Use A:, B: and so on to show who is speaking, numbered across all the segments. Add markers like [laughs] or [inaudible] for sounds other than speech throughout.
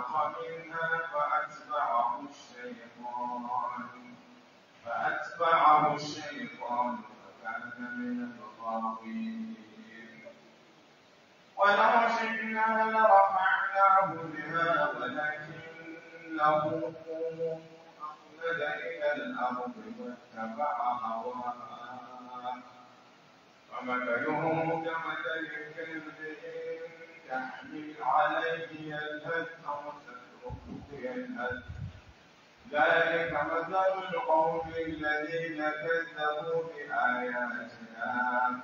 A: فانسلخ فأتبعه الشيطان فكان من الغاوين ولو شئنا لرفعناه بها ولكنه أخلد إلى الأرض واتبع هواه ومثله كمثل الكلب ذلك مثل القوم الذين كذبوا بآياتنا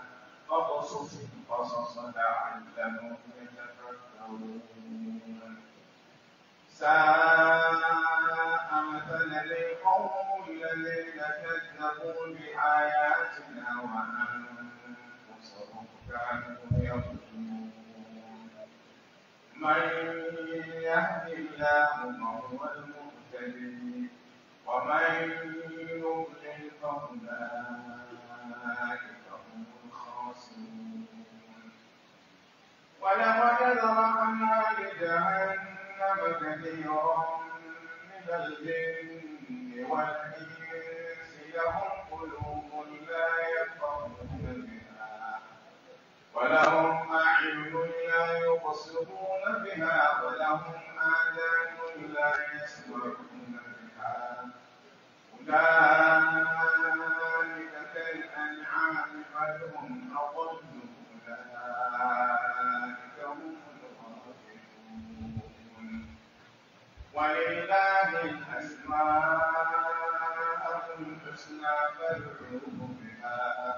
A: فقصص القصص لعلهم يتفكرون ساء مثلا القوم الذين كذبوا بآياتنا وأنفسهم كانوا يظلمون من يهد الله فهو المهتدي ومن يضلل فأولئك هم الخاسرون ولقد ذرأنا لجهنم كثيرا من الجن والإنس لهم قلوب لا يفقهون ولهم أعين لا يبصرون بها ولهم آذان لا يسمعون بها أولئك كالأنعام بل هم أضل أولئك هم الغافلون ولله الأسماء الحسنى فادعوه بها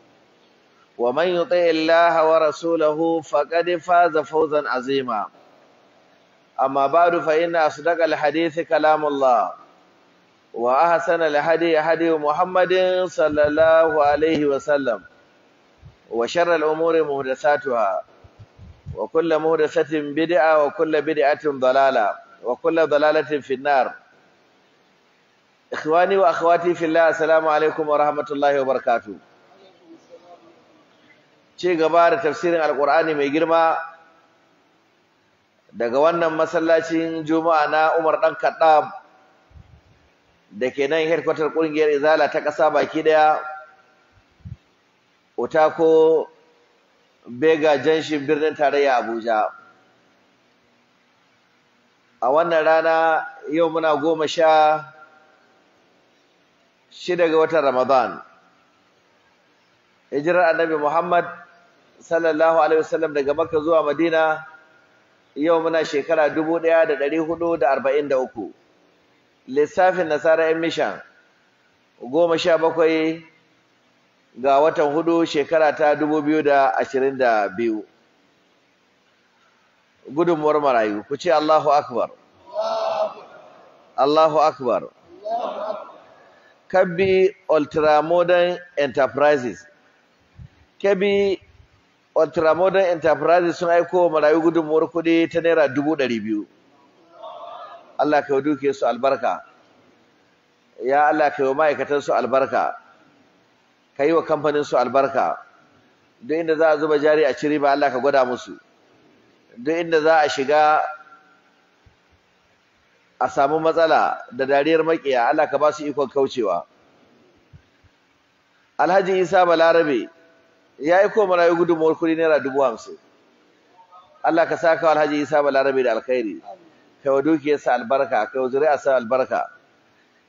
B: ومن يطع الله ورسوله فقد فاز فوزا عظيما أما بعد فإن أصدق الحديث كلام الله وأحسن الهدي هدي محمد صلى الله عليه وسلم وشر الأمور محدثاتها وكل محدثة بدعة وكل بدعة ضلالة وكل ضلالة في النار إخواني وأخواتي في الله السلام عليكم ورحمة الله وبركاته ce gaba da tafsirin alkur'ani mai girma daga wannan masallacin juma'a na umar dan kaddam da ke nan headquarter ƙungiyar izala ta ƙasa baki daya otako bega janshin birnin tarayya abuja a wannan rana yau muna goma sha shida ga watan ramadan hijirar annabi Muhammad sallallahu alaihi wasallam daga Makka zuwa Madina yau muna shekara 1443 lissafin nasara ɗin mishan 17 ga watan hudu shekara ta 2022 gudunmuwar marayu ku ce Allahu akbar Allahu akbar Kabi Ultramodern Enterprises Kabi. Ultramodern Enterprises sun aiko wa marayu gudunmuwar kuɗi ta naira dubu ɗari biyu. Allah ka yi duke su albarka. Ya Allah ka yi ma'aikatan su albarka. Ka yi wa kamfanin su albarka. Duk inda za a zuba jari a ciri ba Allah ka gwada musu. Duk inda za a shiga a samu matsala da dariyar maƙiya Allah ka ba su ikon kaucewa. Alhaji Isa Balarabe ya yi ko marayu gudunmuwar kuɗi naira dubu hamsin Allah ka saka wa alhaji isa balarabe da alkhairi kai wa dukiyarsa albarka kai wa zuri'arsa albarka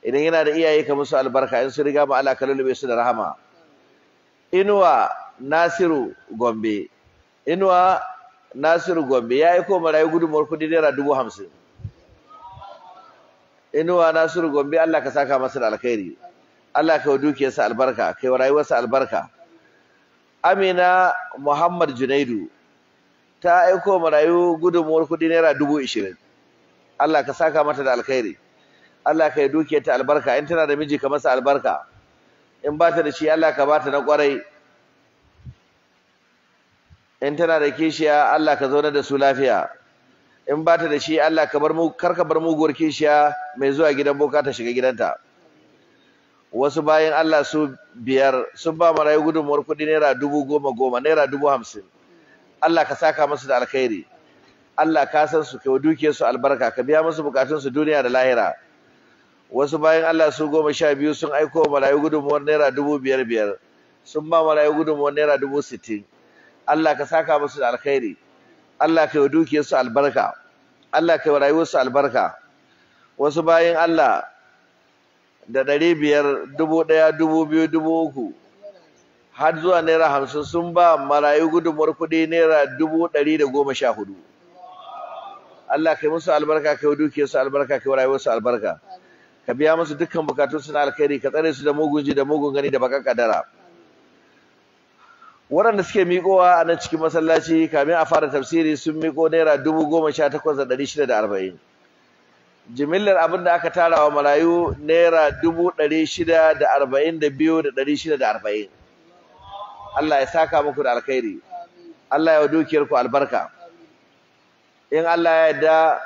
B: idan yana da iyaye ka musu albarka in su riga ma Allah ka lullube su da rahama inuwa nasiru gombe inuwa nasiru gombe ya yi ko marayu gudunmuwar kuɗi naira dubu hamsin inuwa nasiru gombe Allah ka saka masa da alkhairi Allah ka wa dukiyarsa albarka kai wa rayuwarsa albarka Amina Muhammad Junaidu ta aiko marayu gudunmuwar kuɗi naira dubu ishirin. Allah ka saka mata da alkhairi. Allah ka yi duke ta albarka in tana da miji ka masa albarka. In ba ta da shi Allah ka ba ta na kwarai. In tana da kishiya Allah ka zauna da su lafiya. In ba ta da shi Allah ka bar mu kar ka bar muguwar kishiya mai zuwa gidan boka ta shiga gidanta. wasu bayan Allah su biyar sun ba marayu gudunmuwar kuɗi naira dubu goma goma naira dubu hamsin Allah ka saka masu da alkhairi Allah ka san su kai su albarka ka biya musu bukatunsu duniya da lahira wasu bayan Allah su goma sha biyu sun aiko marayu gudunmuwar naira dubu biyar biyar sun ba marayu gudunmuwar naira dubu sittin Allah ka saka musu da alkhairi Allah kai duke su albarka Allah kai wa su albarka wasu bayan Allah da ɗari biyar dubu ɗaya dubu biyu dubu uku har zuwa naira hamsin sun ba marayu gudunmuwar kuɗi naira dubu ɗari da goma sha hudu Allah kai musu albarka kai wa su albarka kai wa su albarka ka biya musu dukkan bukatun na alkhairi ka tsare su da mugun ji da mugun gani da bakan kadara waɗanda suke miƙowa a nan cikin masallaci kamin a fara tafsiri sun miƙo naira dubu goma sha takwas da ɗari shida da arba'in jimillar abin da aka tara wa marayu naira dubu ɗari shida da arba'in da biyu da ɗari shida da arba'in Allah ya saka muku da alkhairi Allah ya wa dukiyar ku albarka in Allah ya yarda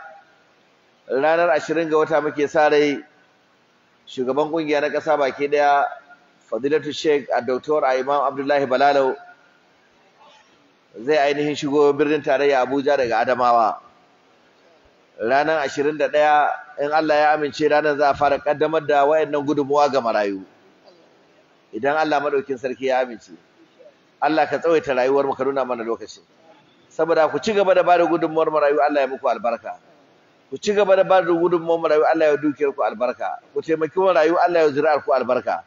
B: ranar ashirin ga wata muke sa rai shugaban kungiya na ƙasa baki ɗaya fadilatu sheik a doktor a imam abdullahi balalau zai ainihin shigo birnin tarayya abuja daga adamawa ranar 21 in Allah ya amince ranar za a fara kaddamar da wayannan gudunmuwa ga marayu idan Allah madaukin sarki ya amince Allah ka tsawaita rayuwar mu ka nuna mana lokaci saboda ku ci gaba da bada gudunmuwar marayu Allah ya muku albarka ku ci gaba da bada gudunmuwar marayu Allah ya dukiyar ku albarka ku taimaki marayu Allah ya zuri'ar ku albarka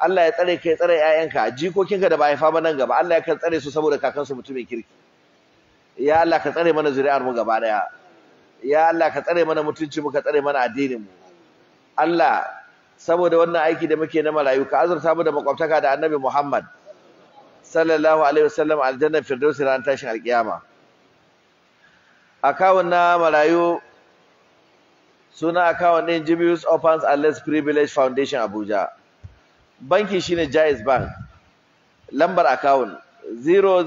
B: Allah ya tsare kai tsare ƴaƴanka jikokinka da ba ya fama nan gaba Allah ya kan tsare su saboda kakansu mutumin kirki ya Allah ka tsare mana zuri'ar mu gaba daya ya Allah ka tsare mana mutunci mu ka tsare mana addinin mu Allah saboda wannan aiki da muke na malayu ka azurta mu da makwabtaka da Annabi Muhammad sallallahu alaihi wasallam aljanna firdausi ran tashin alkiyama akawun na malayu suna akawun din Jibius Orphans and Less Privileged Foundation Abuja banki shine Jaiz Bank lambar akawun 000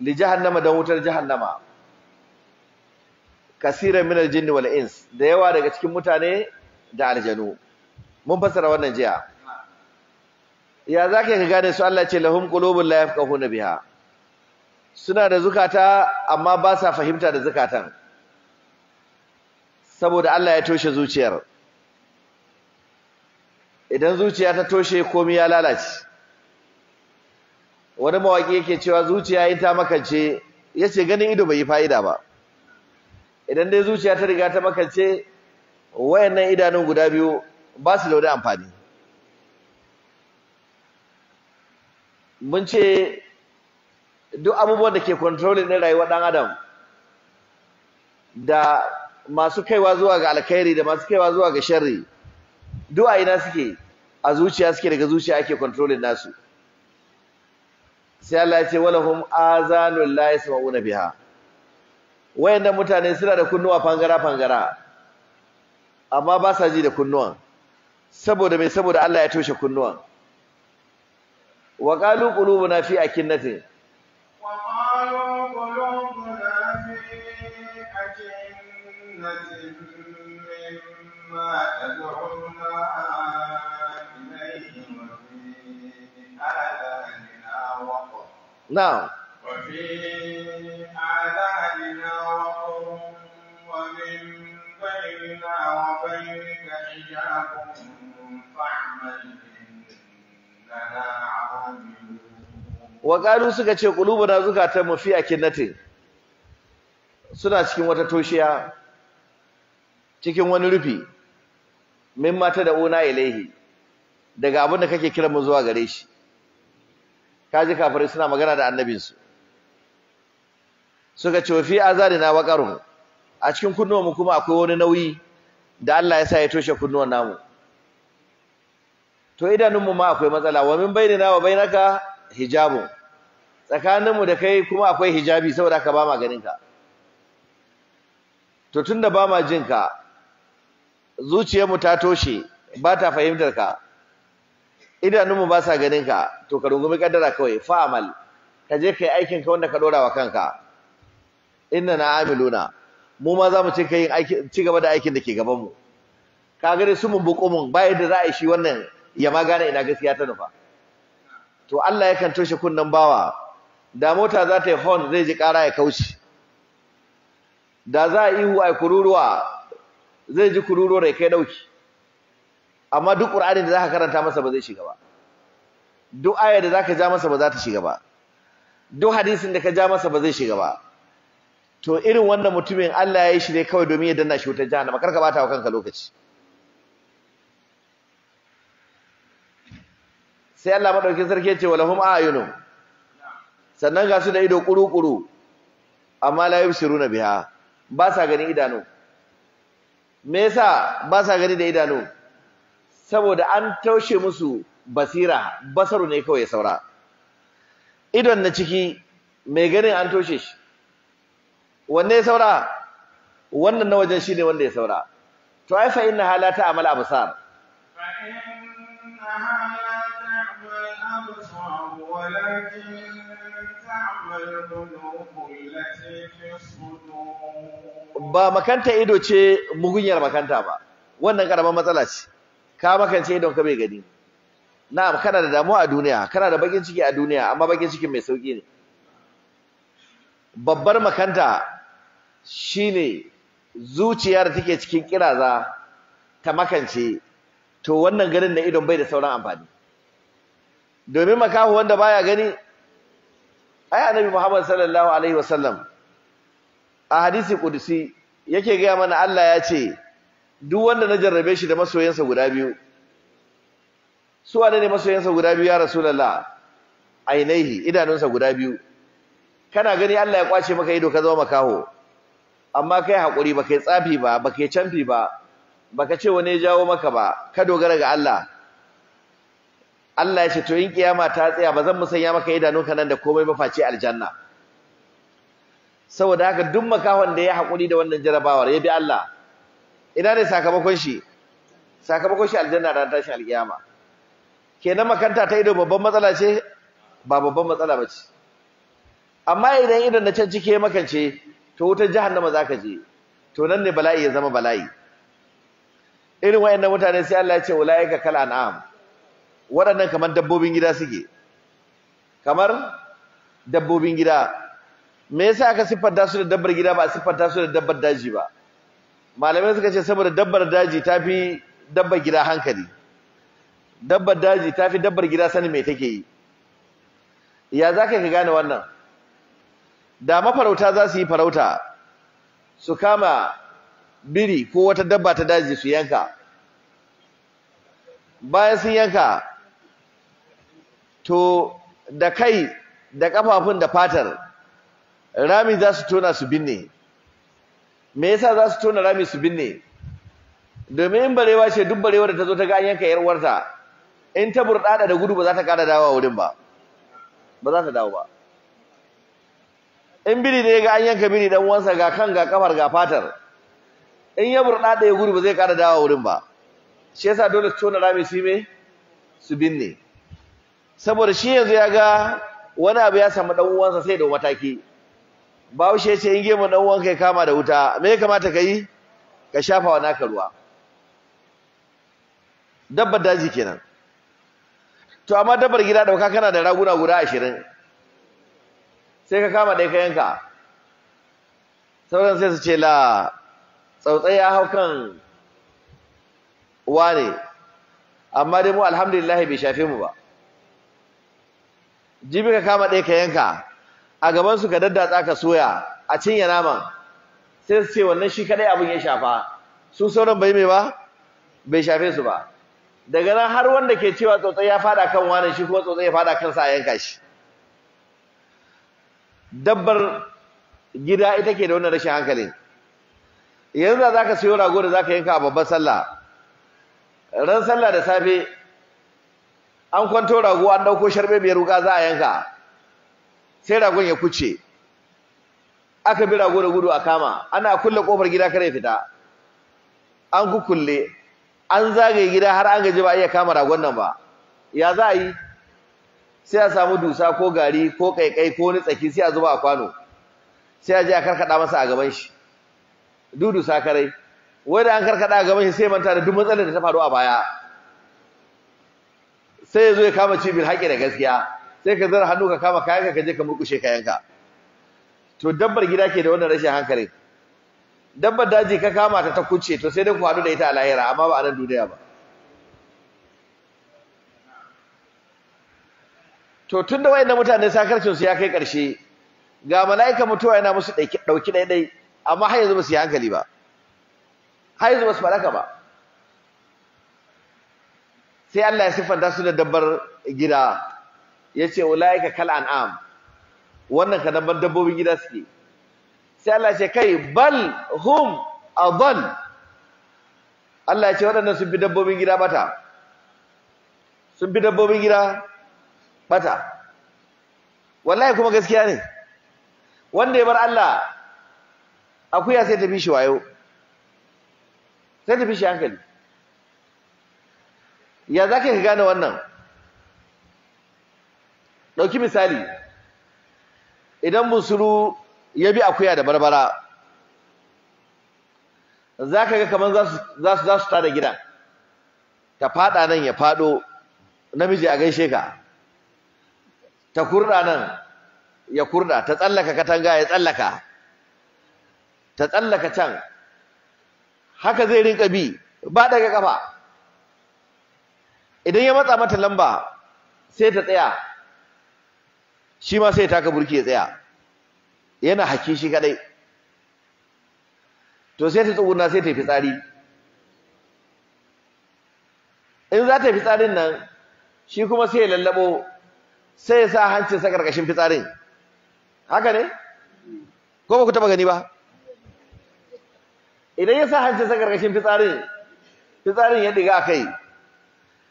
B: li jahannama dan wutar jahannama kasiran min aljinn wal ins da yawa daga cikin mutane da aljanu mun fassara wannan jiya ya zaka ka gane su Allah ce lahum qulubun la yafqahuna biha suna da zukata amma ba sa fahimta da zukatan saboda Allah ya toshe zuciyar idan zuciya ta toshe komai ya lalace wani mawaki yake cewa zuciya ita makance yace ganin ido bai yi fa'ida ba idan dai zuciya ta riga ta makance wayannan idanun guda biyu ba su da wani amfani mun ce duk abubuwan da ke controlling din rayuwar dan adam da masu kaiwa zuwa ga alkhairi da masu kaiwa zuwa ga sharri duk ina suke a zuciya suke daga zuciya ake controlling nasu sai Allah ya ce walahum azanul la yasmauna biha wayanda mutane suna da kunnuwa fangara fangara amma ba sa ji da kunnuwan saboda me saboda Allah ya toshe kunnuwan wa qalu qulubuna fi akinnati wa qalu qulubuna
A: fi akinnati mimma
B: Now. Wakaru suka ce ƙulubu na zuka mafi a kinnatin suna cikin wata toshiya cikin wani rufi min mata da una ilaihi daga abinda kake kiran mu zuwa gare shi kaji kafirai suna magana da annabinsu suka ce fi azarina waqaru a cikin kunnuwanmu kuma akwai wani nauyi da Allah ya sa ya toshe kunnuwan namu to idanunmu ma akwai matsala wa min bainina wa bainaka hijabu tsakaninmu da kai kuma akwai hijabi saboda ka ba ma ka to tunda ba ma jin ka zuciyarmu ta toshe ba ta fahimtar ka idanunmu ba sa ganin ka to ka rungumi kaddara kawai amal ka je kai aikin ka wanda ka dora wa kanka inna na amiluna mu ma za mu ci kai aiki ci gaba da aikin da ke gaban mu ka ga dai su mun buƙo mun ba yadda za a yi shi wannan ya ma gane ina gaskiya ta nufa to Allah yakan toshe kunnen bawa da mota za ta yi horn zai ji ƙara ya kauce da za a ihu a kururuwa zai ji kururuwa ya kai dauki amma duk qur'anin da zaka karanta masa ba zai shiga ba duk aya da zaka ja masa ba za ta shiga ba duk hadisin da ka ja masa ba zai shiga ba to irin wannan mutumin Allah ya yi shi ne kawai domin ya danna shi wutar jahannama karka bata wa kanka lokaci sai Allah madaukakin sarki ya ce walahum a'yunu sannan ga su da ido kuru-kuru amma la yubsiruna biha ba sa gani idanu me yasa ba sa gani da idanu saboda an taushe musu basira basaru ne kawai saura idon na ciki mai ganin an toshe shi wanne ya saura wannan na wajen shi ne wanda ya saura to ai fa inna halata amal amala absar ba makanta ido ce mugunyar makanta ba wannan karamar matsala ce ka makance don ka bai gani na'am kana da damuwa a duniya kana da bakin ciki a duniya amma bakin ciki mai sauki ne babbar makanta shine zuciyar take cikin kiraza ta makance to wannan ganin na idon bai da sauran amfani domin makahu wanda baya gani ai annabi Muhammad sallallahu alaihi wasallam a hadisi kudusi yake gaya mana Allah ya ce duk wanda na jarrabe shi da masoyansa guda biyu su wane ne masoyansa guda biyu ya rasulullah ainihi idanunsa guda biyu kana gani Allah ya kwace maka ido ka zama makaho amma kai hakuri kai tsafi ba ba kai canfi ba baka ce wani ya jawo maka ba ka dogara ga Allah Allah ya ce to in kiyama ta tsaya ba zan musanya maka idanunka nan da komai ba face aljanna saboda haka duk makahon da ya hakuri da wannan jarabawar ya bi Allah ina ne sakamakon shi sakamakon shi aljanna da tashi alkiyama kenan makanta ta ido babban matsala ce ba babban matsala ba ce amma idan idan na can cike makance to wutar jahannama zaka je to nan ne bala'i ya zama bala'i irin wayannan mutane sai Allah ya ce ulaika kal an'am waɗannan kamar dabbobin gida suke kamar dabbobin gida me yasa aka siffanta su da dabbar gida ba a siffanta su da dabbar daji ba malamai suka ce saboda dabbar daji ta fi dabbar gida hankali dabbar daji ta fi dabbar gida sani mai take yi ya za ka gane wannan da mafarauta za su yi farauta su kama biri ko wata dabba ta daji su yanka bayan sun yanka to da kai da kafafun da fatar rami za su tona su binne me yasa za su tona rami su binne domin barewa ce duk barewar da ta zo ta ga yanka yar uwarta in ta burdada da gudu ba za ta ƙara dawowa wurin ba ba za ta dawo ba in biri ne ga an yanka biri dan uwansa ga kan ga kafar ga fatar in ya burdada ya gudu ba zai ƙara dawowa wurin ba shi yasa dole su tona rami su me su binne saboda shi yanzu ya ga wani abu ya samu dan uwansa sai da mataki bahaushe ce in gemu dan uwanka ya kama da wuta me ya kamata ka yi ka shafa wa naka ruwa dabbar daji kenan to amma dabbar gida dauka kana da raguna guda ashirin sai ka kama ɗaya ka yanka sauran sai su ce la tsautsai ya hau kan wane amma dai mu alhamdulillah bai shafe mu ba jibi ka kama ɗaya ka yanka a gaban su ka daddatsa ka soya a cinye naman sai su ce wannan shi kadai abin ya shafa su sauran bai mai ba bai shafe su ba daga nan har wanda ke cewa tsotsai ya fada kan wani shi kuma tsotsai ya fada kansa a yanka shi dabbar gida ita ke da wannan rashin hankali. yanzu da zaka siyo rago da zaka yanka a babban sallah ran sallah da safe an kwanto rago an ɗauko sharbe biyar wuka za a yanka sai ragon ya kuce aka bi rago da gudu a kama ana kulle kofar gida kare fita an kukulle an zagaye gida har an gaji ba iya kama ragon nan ba ya za a yi sai a samu dusa ko gari ko kaikai ko wani tsaki sai a zuba a kwano sai a je a karkada masa a gaban shi dudu karai wai da an karkada a gaban shi sai manta da duk matsalar da ta faru a baya sai ya zo ya kama cibiyar haƙƙi da gaskiya sai ka zara hannu ka kama kayanka ka je ka murkushe kayanka to dabbar gida ke da wannan rashin hankali dabbar daji ka kama ta ta kuce to sai dai ku haɗu da ita a lahira amma ba a nan duniya ba to tun da wayannan mutane sakarcin su ya kai ƙarshe ga mala'ika mutuwa yana musu ɗauki ɗai ɗai amma har yanzu ba su yi hankali ba har yanzu ba su faɗaka ba sai Allah ya siffanta su da dabbar gida yace ulaika kal an'am wannan kadaban dabbobin gida suke sai Allah ce kai bal hum adall Allah ya ce waɗannan sun fi dabbobin gida bata sun fi dabbobin gida bata wallahi kuma gaskiya ne wanda ya bar Allah akuya sai tafi shi wayo sai tafi shi hankali ya zaka ka gane wannan ɗauki misali idan busuru ya bi akuya da barbara za ka ga kamar za su tada gidan ta faɗa nan ya faɗo namiji a gaishe ka ta kurda nan ya kurda ta tsallaka katanga ya tsallaka ta tsallaka can haka zai rinka bi ba daga kafa idan ya matsa mata lamba sai ta tsaya shi ma sai ya taka burki ya tsaya yana haki shi kadai to sai ta tsuguna sai ta yi fitsari in za ta yi fitsarin nan shi kuma sai ya lallabo sai ya sa hancinsa ƙarƙashin fitsarin haka ne ko ba ku taɓa gani ba idan ya sa hancinsa ƙarƙashin fitsarin fitsarin ya diga a kai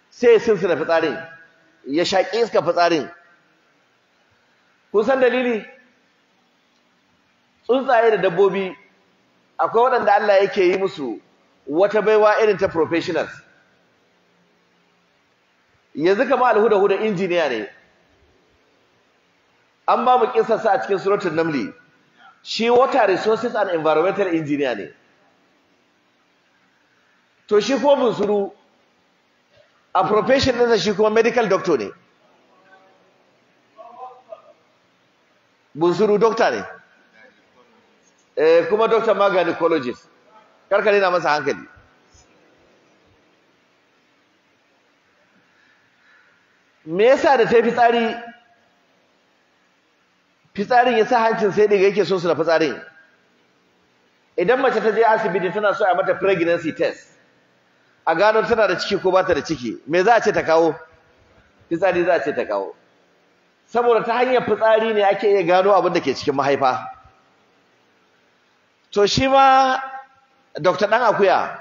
B: sai ya sinsina fitsarin ya shaƙi iska fitsarin kun san dalili tsuntsaye da dabbobi akwai waɗanda Allah yake yi musu wata baiwa irin ta professionals yanzu kama alhuda huda injiniya ne an ba mu sa a cikin surutan namli shi water resources and environmental engineer ne to shi ko bunsuru a profession ɗinsa shi kuma medical doctor ne bunsuru dokta ne eh kuma dokta ma gynecologist karka na masa hankali me yasa da tafi fitsari fitsarin yasa hancin sai daga yake so su da fitsarin idan mace ta je asibiti tana so a mata pregnancy test a gano tana da ciki ko ba ta da ciki me za a ce ta kawo fitsari za a ce ta kawo saboda ta hanyar fitsari ne ake iya gano abin da ke cikin mahaifa to shi ma Dr. Dan Akuya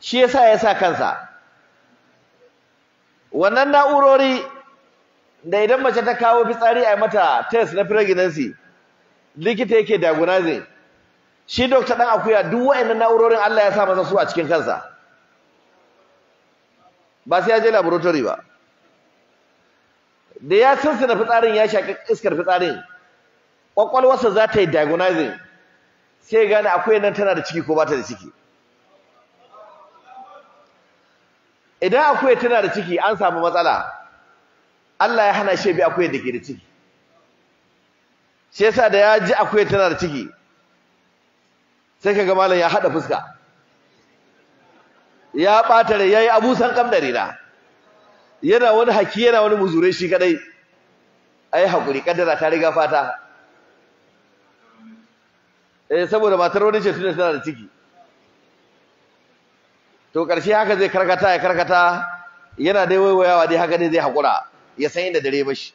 B: shi yasa ya sa kansa wannan na'urori da idan mace ta kawo fitsari a mata test na pregnancy likita yake diagnosis shi Dr. Dan Akuya duk wa'annan na'urorin Allah ya sa masa su a cikin kansa ba sai ya je laboratory ba da ya sansana fitsarin ya shaƙi iskar fitsarin ƙwaƙwalwarsa za ta yi diagonizing sai gane akwai nan tana da ciki ko ba ta da ciki idan akwai tana da ciki an samu matsala Allah ya hana shi bi akwai da ke da ciki shi yasa da ya ji akwai tana da ciki sai ga malam ya haɗa fuska ya ɓata rai yayi abu san kam rina. yana wani haki yana wani muzure shi kadai ai hakuri kaddara ta riga fata eh saboda matar wani ce tunda tana da ciki to karshe haka zai karkata ya karkata yana dai waiwayawa dai haka ne zai hakura ya san inda dare bashi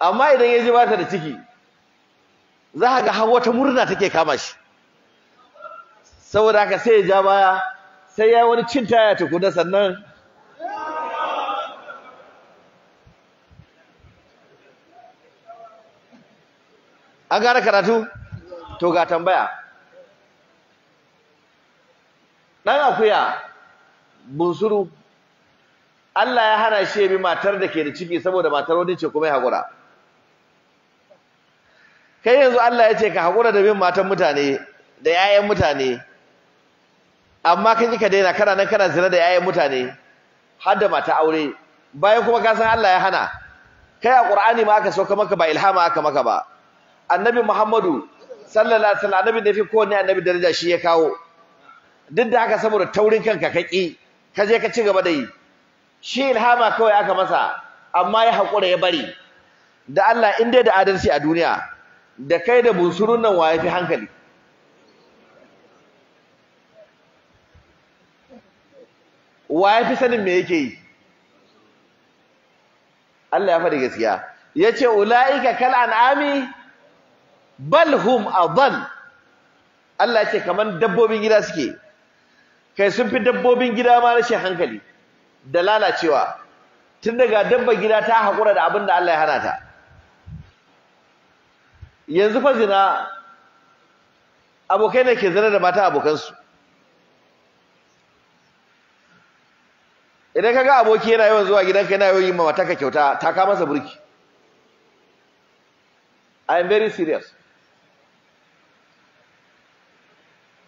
B: amma idan ya ji bata da ciki za ka ga har wata murna take kama shi saboda haka sai ya ja baya sai ya wani cin taya tukuna sannan an gara karatu to ga tambaya ɗan akuya bunsuru Allah ya hana shi bi matar da ke da ciki saboda matar wani ce kuma ya haƙura. kai yanzu Allah ya ce ka haƙura da bin matan mutane da yayan mutane amma kan kika daina kana nan kana zina da yayan mutane har da mata aure bayan kuma ka san Allah ya hana kai a Qur'ani ma aka sauka maka ba ilhama aka maka ba annabi Muhammadu sallallahu alaihi wasallam annabi da fi kowanne annabi daraja shi ya kawo duk da haka saboda taurin kanka ka ki ka je ka ci gaba da yi shi ilhama kawai aka masa amma ya hakura ya bari da Allah in dai da adalci a duniya da kai da bunsurun nan ya fi hankali wa ya fi sanin me yake yi Allah ya faɗi gaskiya yace ulaika kal an'ami bal hum adall Allah ce kaman dabbobin gida suke kai sun fi dabbobin gida ma rashin hankali da lalacewa tun daga dabba gida ta haƙura da abinda da Allah ya hana ta yanzu fa zina abokai ne ke zina da mata abokansu idan kaga aboki yana yawan zuwa gidanka yana yawan yi ma mataka kyauta ta ka masa burki i am very serious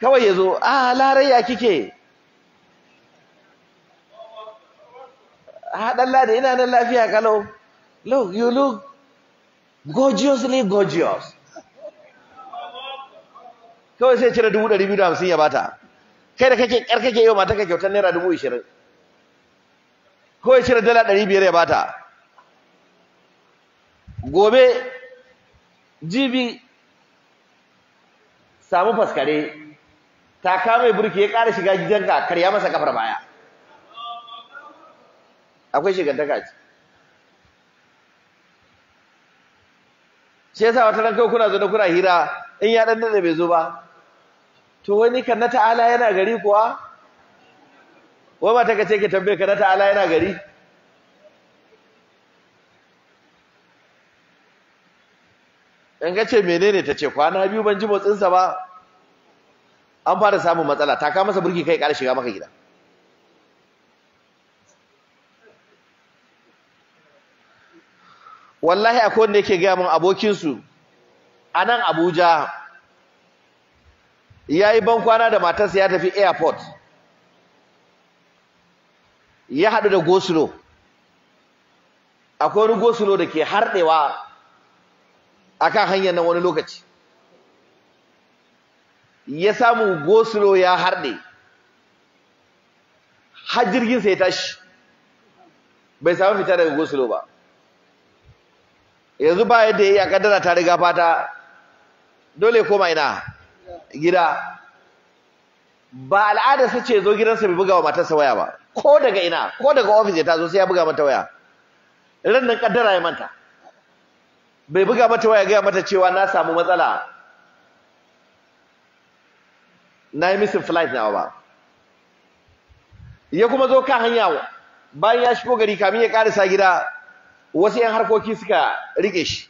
B: kawai yazo a ah, larayya kike haɗan ah, lada ina nan lafiya kalau look you look gorgeously gorgeous kawai sai cire dubu ɗari biyu da hamsin ya bata kai da kake ƙyar kake yi wa mata kyautar naira dubu ishirin ko ya cire dala ɗari biyar ya bata gobe jibi samu faskare ta mai burki ya ƙara shiga gidanka karya masa kafar baya akwai shigantaka ce shi sa wata ranka kuna zo kuna hira in ya dan dade bai zo ba to wani kan na ta'ala yana gari kuwa wai ba ta kace ke tambaye ka ta ala yana gari in ka ce menene ta ce kwana biyu ban ji motsinsa ba an fara samun matsala ta ka masa burki kai ƙara shiga maka gida wallahi akwai wanda yake gaya min abokinsu a nan abuja ya yi ban kwana da matarsa ya tafi airport ya haɗu da gosulo akwai wani gosulo da ke harɗewa a kan hanyar nan wani lokaci ya samu gosulo ya harɗe har jirginsa ya tashi bai samu fita daga gosulo ba yanzu ba yadda ya yi a ta riga fata dole koma ina gida ba al'adarsa ce zo gidansa bai buga wa matarsa waya ba ko daga ina ko daga ofis ya tazo sai ya buga mata waya rannan kaddara ya manta bai buga mata waya ga mata cewa na samu matsala na yi missing flight na ba ya kuma zo kan hanya bayan ya shigo gari kamin ya karisa gida wasu yan harkoki suka rike shi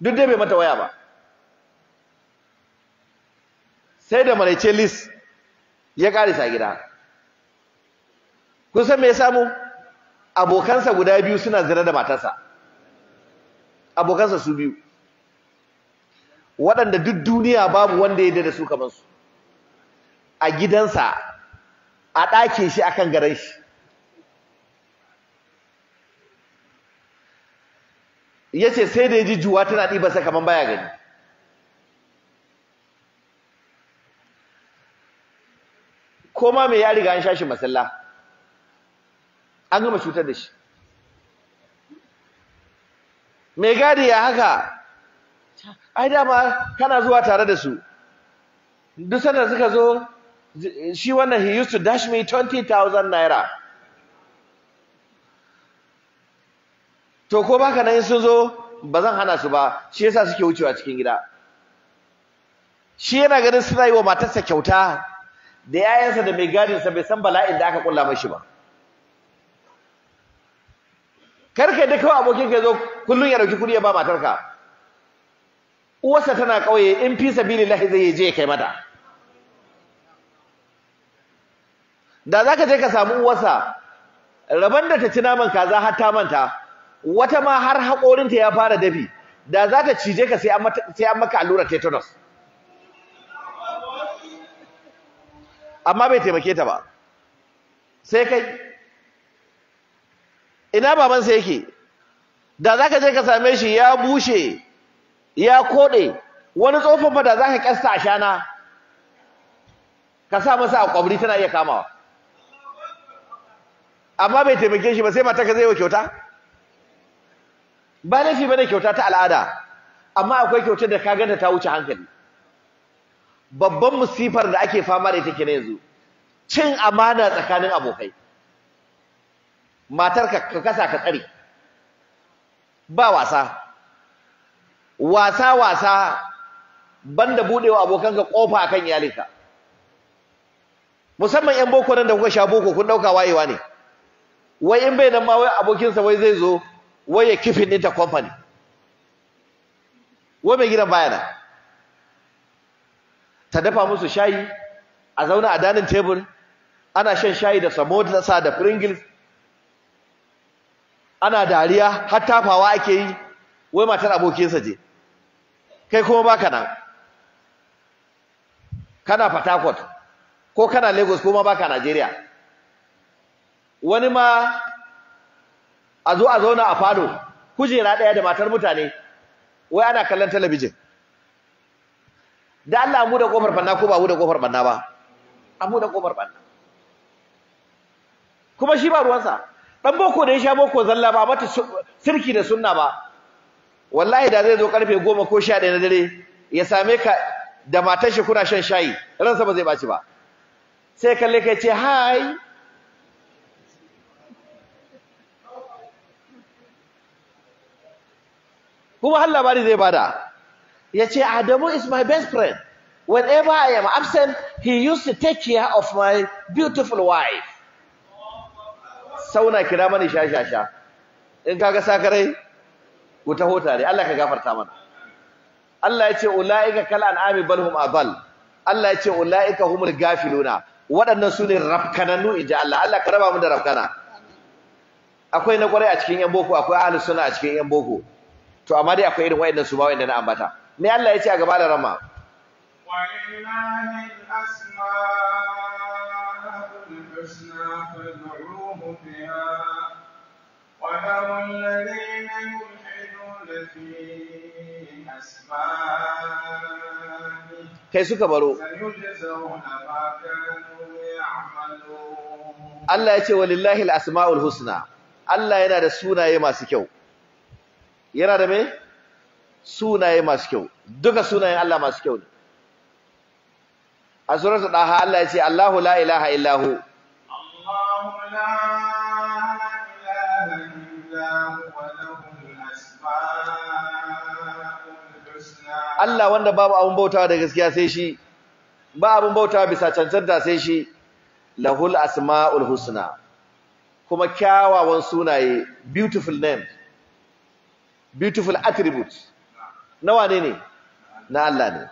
B: duk dai bai mata waya ba sai da malaice list ya karisa gida kun san me ya samu abokansa guda biyu suna zina da matarsa abokansa su biyu waɗanda duk duniya babu wanda ya da su kamar su a gidansa a ɗakin shi akan garan shi Ya ce sai da ya ji juwa tana ɗibarsa kamar baya gani ko mai me ga riga an sha masalla an gama cutar da shi mai gadi ya haka ai dama kana zuwa tare da su duk sanda suka zo shi wannan he used to dash me 20,000 naira to ko baka nan sun zo ba zan hana su ba shi yasa suke wucewa cikin gida shi yana ganin suna yi wa matarsa kyauta da yayansa da mai gadinsa bai san bala'in da aka kulla mashi ba karka da kawai abokin ka zo kullun ya dauki kudi ya ba matarka uwarsa tana kauye in fi sabilillahi zai je kai mata da zaka je ka samu uwarsa raban da ta ci naman kaza har ta manta wata ma har hakorinta ya fara dabi da za ta cije ka sai an maka allurar tetanus amma bai taimake ta ba sai kai ina babansa yake da za ka je ka same shi ya bushe ya koɗe wani tsofin fada da za ka kyasta a shana ka sa masa a kwabri tana iya kamawa amma bai taimake shi ba sai mata ka zai wa kyauta ba laifi bane kyauta ta al'ada amma akwai kyautar da ka ganta ta wuce hankali babban musifar da ake fama da ita kenan yanzu cin amana tsakanin abokai matar ka kasa ka tsare ba wasa wasa wasa banda budewa abokanka kofa akan iyalinka musamman yan boko nan da kuka sha boko kun dauka wayewa ne wai in bai nan ma wai abokinsa wai zai zo wai ya kifin ta company wai mai gidan bayana ta dafa musu shayi a zauna a danin tebur ana shan shayi da samosa da pringles ana dariya har tafawa ake yi wai matar abokinsa je kai kuma baka nan kana Port ko kana Lagos kuma baka Najeriya wani ma a zo a zauna a fado kujera ɗaya da matar mutane wai ana kallon talabijin da Allah mu da kofar banna ko ba mu da kofar banna ba a mu da kofar banna kuma shi ba ruwansa dan boko da ya sha boko zalla ba mata sirki da sunna ba wallahi da zai zo karfe 10 ko 11 na dare ya same ka da matar shi kuna shan shayi ransa ba zai baci ba sai kalle kai ce hi kuma har labari zai bada ya ce Adamu is my best friend whenever I am absent he used to take care of my beautiful wife sauna kira mani sha sha sha in kaga sakarai ku hota tare Allah ka gafarta mana Allah ya ce ulaika kal an'ami bal hum adall Allah ya ce ulaika humul gafiluna waɗannan su ne rafkananu inji Allah Allah ka raba mu da rafkana akwai na kwarai a cikin yan boko akwai ahlus sunna a cikin yan boko to amma dai akwai irin waɗannan su ba waɗanda na ambata me Allah ya ce a gaba da rama walillahi al-asma
A: الحسنى فادعوه بها وذروا الذين يلحدون في أسمائه
B: kai suka baro Allah ya ce wa lillahi asmaul husna Allah yana da sunaye masu kyau yana da mai sunaye masu kyau duka sunayen Allah masu kyau ne a suratul daha Allah ya ce Allahu la ilaha illahu Allahu la
A: ilaha illahu
B: Allah wanda babu abun bautawa da gaskiya sai shi ba abun bautawa bisa cancanta sai shi lahul asmaul husna kuma kyawawan sunaye beautiful name beautiful attributes nawa ne ne na Allah ne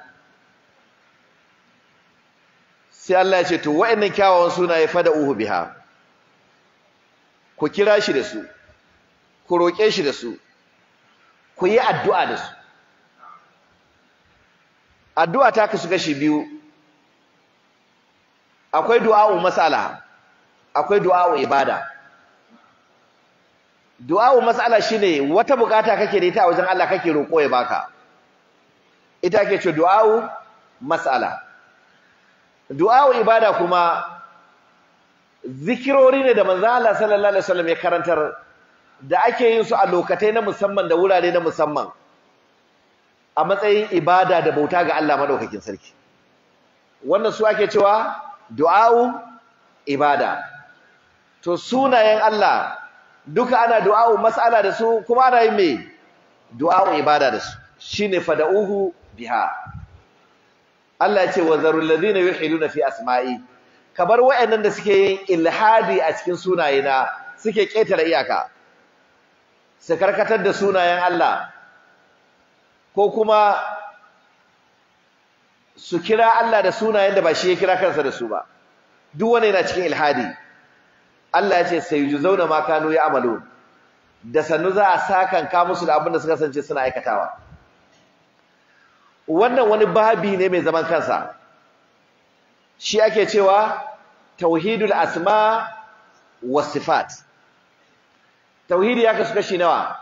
B: sai Allah ya ce to wa'annan kyawawan sunaye fada uhu biha ku kira shi da su ku roƙe shi da su ku yi addu'a da su addu'a ta kasu shi biyu akwai du'a'u masala akwai du'a'u ibada du'a'u masala shine wata bukata kake da ita a wajen Allah kake roƙo ya baka ita ake ce du'a'u masala du'a wa ibada kuma zikirori ne da manzo Allah sallallahu alaihi wasallam ya karantar da ake yin su a lokacin na musamman da wurare na musamman a matsayin ibada da bauta ga Allah madaukakin sarki wannan su ake cewa du'a'u ibada to sunayen Allah duka ana du'a mas'ala da su kuma ana yin me wa ibada da su shine fada'uhu biha Allah ya ce wa zarul ladina yulhiduna fi asma'i kabar wayannan da suke yin ilhadi a cikin sunayena suke ketare iyaka su karkatar da sunayen Allah ko kuma su kira Allah da sunayen da ba shi ya kira kansa da su ba duk wanda yana cikin ilhadi Allah ya ce sayujzauna ma kanu ya'malun da sannu za a sakan ka musu da abin da suka sance suna aikatawa wannan wani babi ne mai zaman kansa shi ake cewa tauhidul asma was sifat tauhidi ya kasu kashi nawa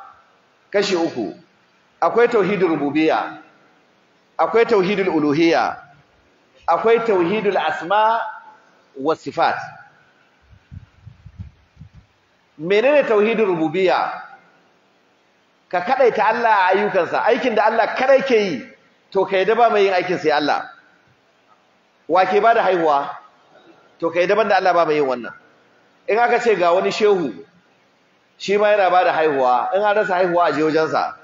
B: kashi uku akwai tauhidul rububiyya akwai tauhidul uluhiyya akwai tauhidul asma was sifat menene tauhidul rububiyya ka kadaita Allah a ayyukansa aikin da Allah kare ke yi to ka yadda ba mai yin aikin sai Allah wa ke da haihuwa to ka yadda banda Allah ba mai yin wannan in aka ce ga wani shehu shi ma yana ba da haihuwa in an rasa haihuwa a je sa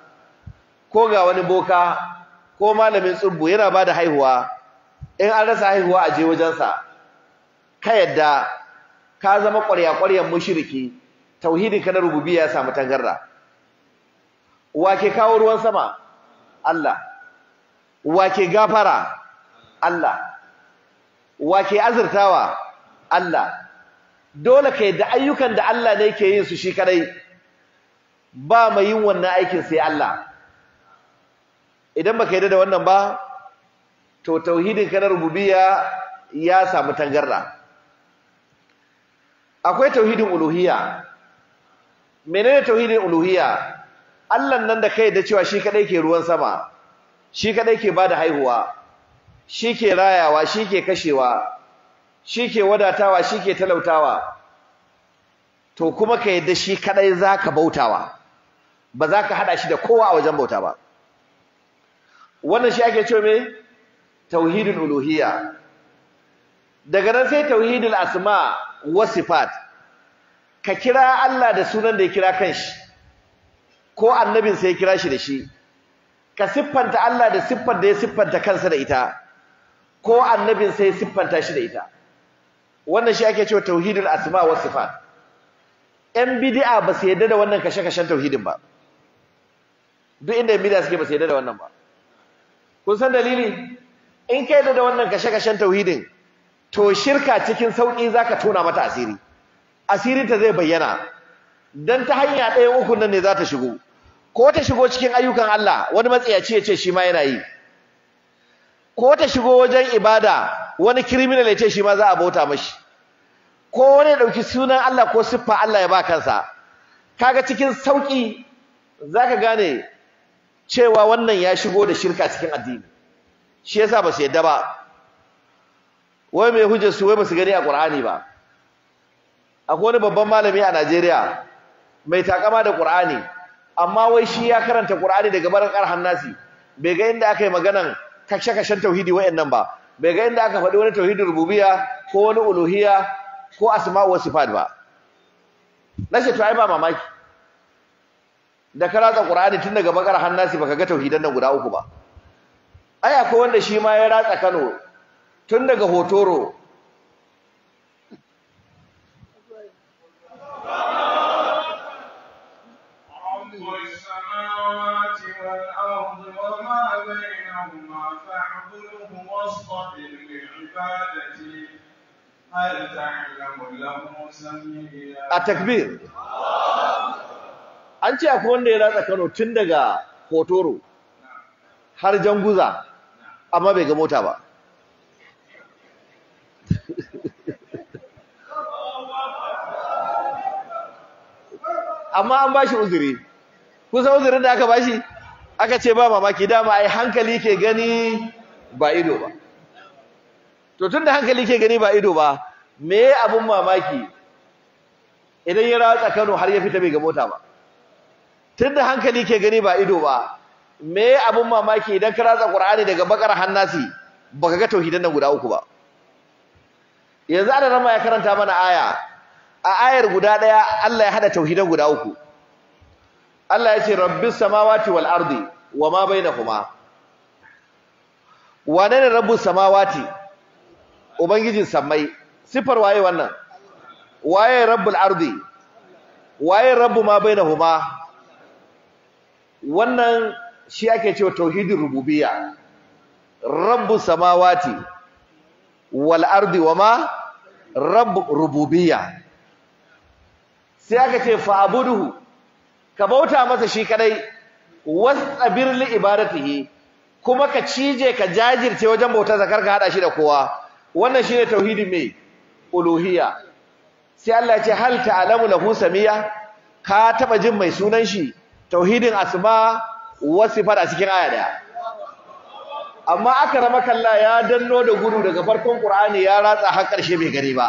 B: ko ga wani boka ko malamin tsubbu yana ba da haihuwa in an rasa haihuwa a je sa ka yadda ka zama ƙwarya-ƙwaryan mushriki tauhidi ka na rububiyya ya samu tangarda wa ke kawo ruwan sama Allah wake gafara Allah wake azurtawa Allah dole kai da ayyukan da Allah ne ke yin su shi kadai ba mai yin wannan aikin sai Allah idan baka yi da wannan ba to tauhidin kana rububiyya ya samu tangarda akwai tauhidin uluhiyya menene tauhidin uluhiyya Allah nan da kai da cewa shi kadai ke ruwan sama shi kadai ke bada haihuwa shi ke rayawa shi ke kashewa shi ke wadatawa shi ke talautawa to kuma ka yadda shi kadai zaka bautawa ba za ka hada shi da kowa a wajen bauta ba wannan shi ake cewa me tauhidul uluhiyya daga nan sai Tauhidin asma wa sifat ka kira Allah da sunan da ya kira kanshi ko annabin sai ya kira shi da shi ka siffanta Allah da siffar da ya siffanta kansa da ita ko annabin sai siffanta shi da ita wannan shi ake cewa tauhidul asma wa sifat ɗan bid'a ba su yadda da wannan kashe-kashen tauhidin ba duk inda yan bid'a suke ba su yadda da wannan ba kun san dalili in ka yadda da wannan kashe-kashen tauhidin to shirka cikin za zaka tona mata asiri asirinta zai bayyana dan ta hanya ɗaya uku nan ne za ta shigo ko ta shigo cikin ayyukan Allah wani matsayaci ya ce shi ma yana yi ko ta shigo wajen ibada wani criminal ya ce shi ma za a bauta mashi ko wani ya dauki sunan Allah ko siffa Allah ya ba kansa kaga cikin sauki zaka gane cewa wannan ya shigo da shirka cikin addini shi yasa ba su yadda ba wai mai hujjar su wai ba su gani a Qur'ani ba akwai wani babban malami a Najeriya mai takama da Qur'ani amma wai shi ya karanta Qur'ani daga barakar hannasi bai ga inda aka yi maganan kashe-kashen tauhidi wayannan ba bai ga inda aka faɗi wani tauhidin rububiyya ko wani uluhiyya ko asma'u wa sifat ba nace to ai ba mamaki da ratsa Qur'ani tun daga bakar hannasi baka ga tauhidan nan guda uku ba ai akwai wanda shi ma ya ratsa Kano tun daga Hotoro
A: A وما
B: an ce akwai wanda ya ratsa Kano tun daga Hotoro har Janguza amma bai ga mota ba amma an bashi uzuri Kusa uzurin da aka bashi aka ce ba mamaki dama ai hankali ke gani ba ido ba to tunda hankali ke gani ba ido ba me abun mamaki idan ya ratsa Kano har ya fita bai ga mota ba tunda hankali ke gani ba ido ba me abun mamaki idan ka ratsa Qur'ani daga bakar hannasi baka ga tauhidan nan guda uku ba yanzu adana ma ya karanta mana aya a ayar guda daya Allah ya hada tauhidan guda uku Allah ya ce rabbis samawati wal ardi wa ma bainahuma wane ne rabbus samawati ubangijin samai sifar waye wannan waye rabbul ardi waye rabbu ma bainahuma wannan shi ake cewa tauhidin rububiyya rabbus samawati wal ardi wa ma rabb rububiyya sai aka ce fa'buduhu ka bauta masa shi kadai wasabir li ibadatihi kuma ka cije ka jajirce wajen bautar zakar ka hada shi da kowa wannan shine tauhidin me uluhiyya sai Allah ya ce hal ta'lamu lahu samiya ka taba jin mai sunan shi tauhidin asma wa sifat a cikin aya daya amma aka rama kalla ya danno da gudu daga farkon Qur'ani ya ratsa har karshe bai gari ba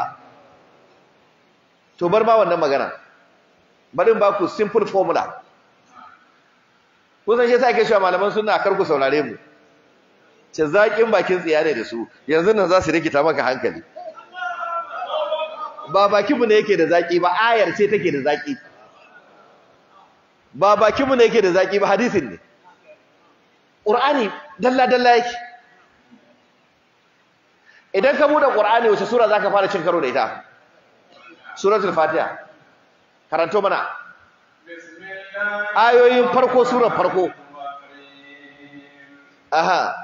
B: to bar ma wannan magana bari ba ku simple formula kun san shi sai ake cewa malaman sunna kar ku saurare mu ce zakin bakin tsiyare ne da su yanzu nan za su rikita maka hankali ba bakinmu ne yake da zaƙi ba ayar ce take da zaƙi ba bakinmu ne yake da zaƙi ba hadisin ne qur'ani dalla-dalla yake idan ka bude ƙur'ani wace sura za ka fara cin karo da ita suratul fatiha karanto mana ayoyin farko surar farko aha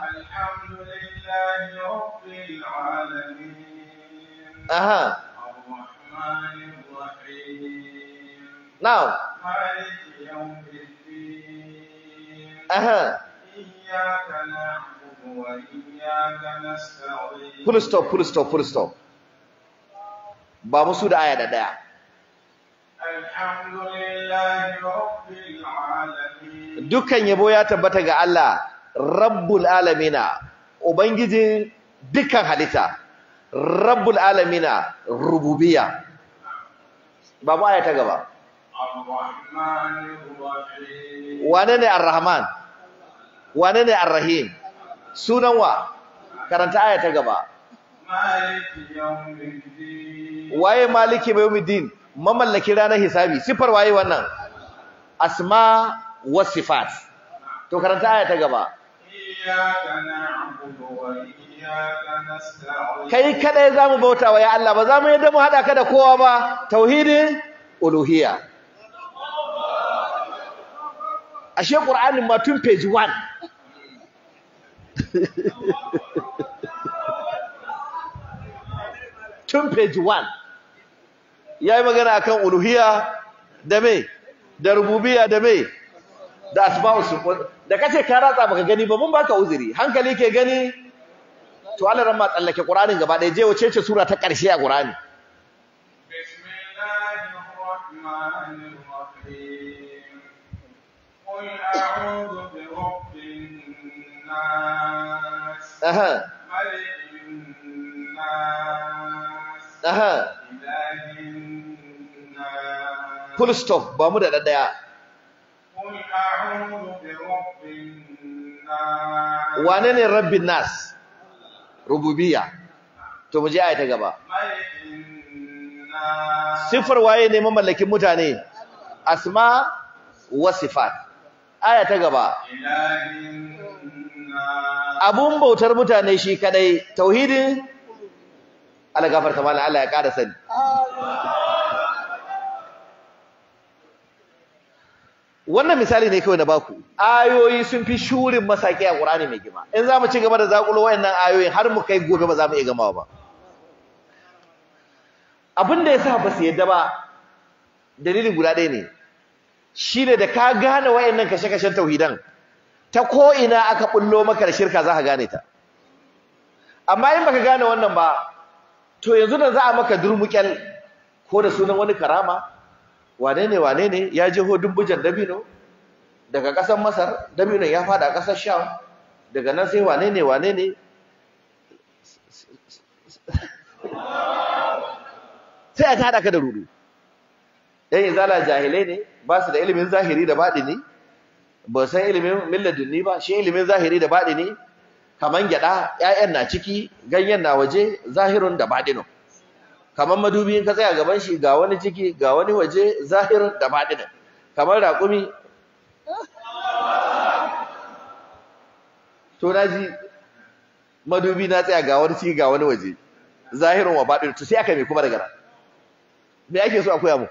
B: aha now aha full stop full stop full stop ba musu da aya da daya Dukkan yabo ya tabbata ga Allah, Rabbul Alamina, Ubangijin dukkan halitta, Rabbul Alamina, rububiya. Babu aya ta gaba. Wane ne arrahman Wane ne arrahim Sunan wa? Karanta aya ta gaba. Waye maliki yawmiddin? mamallaki ranar hisabi sifar waye wannan asma wa sifat to karanta aya ta gaba kai kadai zamu bauta wa ya Allah ba zamu yadda mu hada ka da kowa ba tauhidin uluhiyya ashe qur'ani ma tun page 1 [laughs] tun page Ya yi magana akan uluhiya da me da rububiya da me da asma'u sifat da kace ka ratsa baka gani ba mun baka uzuri hankali ke gani to Allah ran ma tsallake Qur'anin gaba ɗaya je wace ce sura ta ƙarshe a Qur'ani Aha. Aha. full stop ba mu da ɗaya wane ne rabbin nas rububiya to mu je aya ta gaba sifar waye ne mamallakin mutane asma wa sifat aya ta gaba abun bautar mutane shi kadai tauhidin algafarta mana Allah ya kada sani wannan misali ne kawai na baku ayoyi sun fi shurin masaki a Qur'ani mai gima. in zamu ci gaba da zakulo wayannan ayoyin har mu kai gobe ba za mu iya gamawa ba abin da ya yasa ba su yadda ba dalili guda ɗaya ne shine da ka gane wayannan kashe-kashen tauhidan ta ko ina aka bullo maka da shirka za ka gane ta amma in baka gane wannan ba to yanzu nan za a maka durmukel ko da sunan wani karama wane ne wane ne ya jeho dumbujan dabino daga ƙasar masar dabinon ya fada ƙasar sham daga nan sai wane ne wane ne sai aka haɗa ka da rudu ɗan izala jahilai ne ba su da ilimin zahiri da baɗi ne ba san ilimin milladunni ba shi ilimin zahiri da baɗi ne kaman gyaɗa 'ya'yan na ciki ganyen na waje zahirun da baɗinu kamar madubi in ka tsaya gaban shi ga wani ciki ga wani waje zahirin da baɗinin kamar raƙumi to na ji madubi na tsaya ga wani ciki ga wani waje zahirin wa baɗinin to sai aka mai kuma daga gara. me ake so a koya mu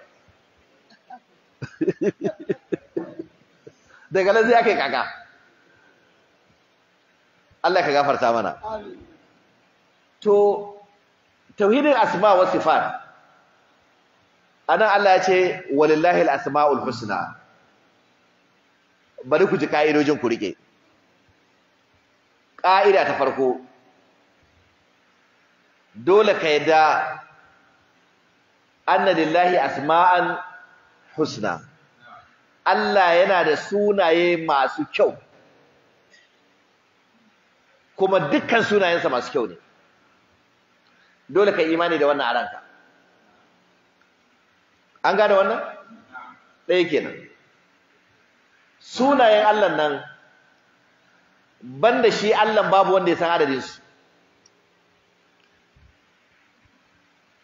B: [laughs] daga nan sai aka yi kaka Allah ka gafarta mana to tauhidin asma wa sifat anan Allah ya ce walillahi al-asmaul husna bari ku ji ka'idojin ku rike ka'ida ta farko dole ka yadda anna lillahi asma'an husna Allah yana da sunaye masu kyau kuma dukkan sunayensa masu kyau ne dole ka imani da wannan a ranka an gane wannan ɗaya kenan sunayen Allah nan banda shi Allah babu wanda ya san adadin su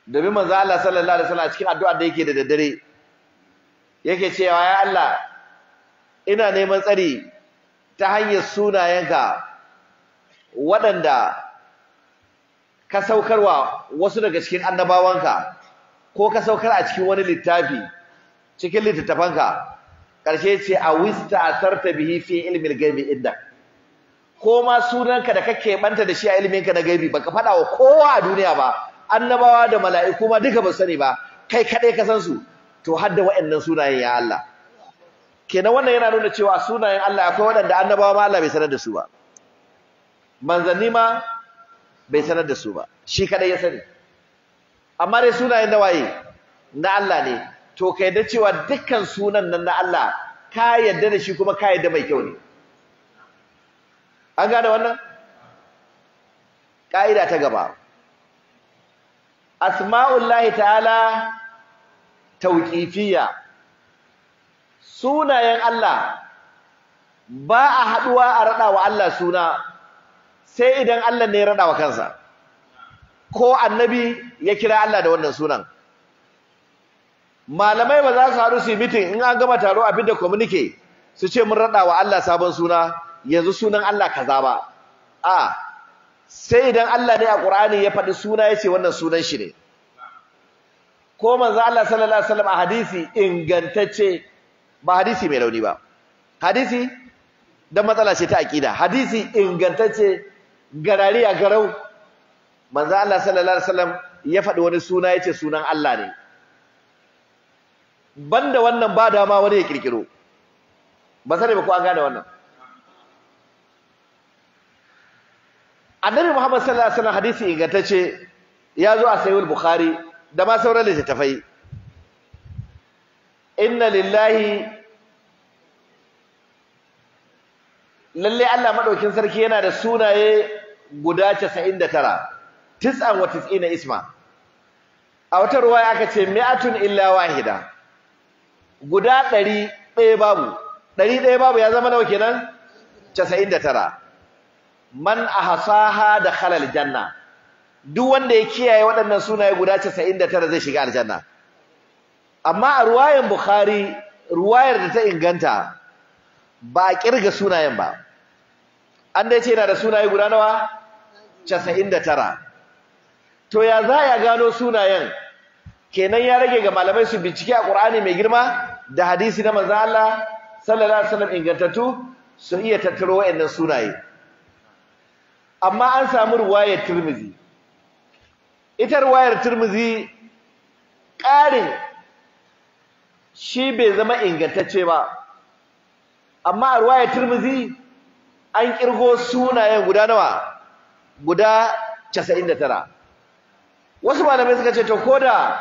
B: domin manzo Allah sallallahu alaihi wasallam a cikin addu'a da yake da daddare yake cewa ya Allah ina neman tsari ta hanyar sunayenka waɗanda ka saukarwa wasu daga cikin annabawanka ko ka saukar a cikin wani littafi cikin littattafanka ƙarshe ce a wista tarta bihi fi ilmin gaibi inda ko ma sunanka da kake banta da shi a ilminka na gaibi baka faɗa wa kowa a duniya ba annabawa da mala'iku ma duka ba sani ba kai kaɗai ka san su to har da waɗannan sunayen ya Allah kenan wannan yana nuna cewa sunayen Allah akwai waɗanda annabawa ma Allah bai sanar da su ba manzanni ma bai sanar da su ba shi kadai ya sani amma dai sunayen dawaye na Allah ne to ka yadda cewa dukkan sunan nan na Allah ka yadda da shi kuma ka yadda mai kyau ne an gane wannan ka'ida ta gaba asma'ullahi ta'ala tauqifiyya sunayen Allah ba a haduwa a rada wa Allah suna sai idan Allah ne ya rada wa kansa ko annabi ya kira Allah da wannan sunan malamai ba za su haru su mitin in an gama taro a bidda communique su ce mun rada wa Allah sabon suna yanzu sunan Allah kaza ba a sai idan Allah ne a Qur'ani ya faɗi suna ya ce wannan sunan shi ne ko manzo Allah sallallahu alaihi wasallam a hadisi ingantacce ba hadisi mai rauni ba hadisi dan matsala ce ta aqida hadisi ingantacce garari a garau manzo Allah sallallahu alaihi wasallam ya faɗi wani suna yace sunan Allah ne banda wannan ba dama wani ya kirkiro ba sai ba ko an gane wannan annabi Muhammad sallallahu alaihi wasallam hadisi ingantacce ya zo a sahihul bukhari da ma sauran littattafai inna lillahi lalle Allah madaukin sarki yana da sunaye guda 99 tis'an wa tis'ina isma a wata ruwaya aka ce mi'atun illa wahida guda 100 ɗaya babu 100 ɗaya babu ya zama nawa kenan 99 man ahsaha dakhala aljanna duk wanda ya kiyaye waɗannan sunaye guda 99 zai shiga aljanna amma a ruwayan bukhari ruwayar da ta inganta ba a kirga sunayen ba an dai ce yana da sunaye guda nawa 99 to ya za ya gano sunayen kenan ya rage ga malamai su bincike a Qur'ani mai girma da hadisi na manzo Allah sallallahu alaihi wasallam ingantattu su iya tattaro wayannan sunaye amma an samu ruwayar Tirmidhi ita riwayar Tirmidhi ƙarin shi bai zama ingantacce ba amma a ruwaya turmuzi an kirgo sunayen guda nawa guda 99 wasu malamai suka ce to koda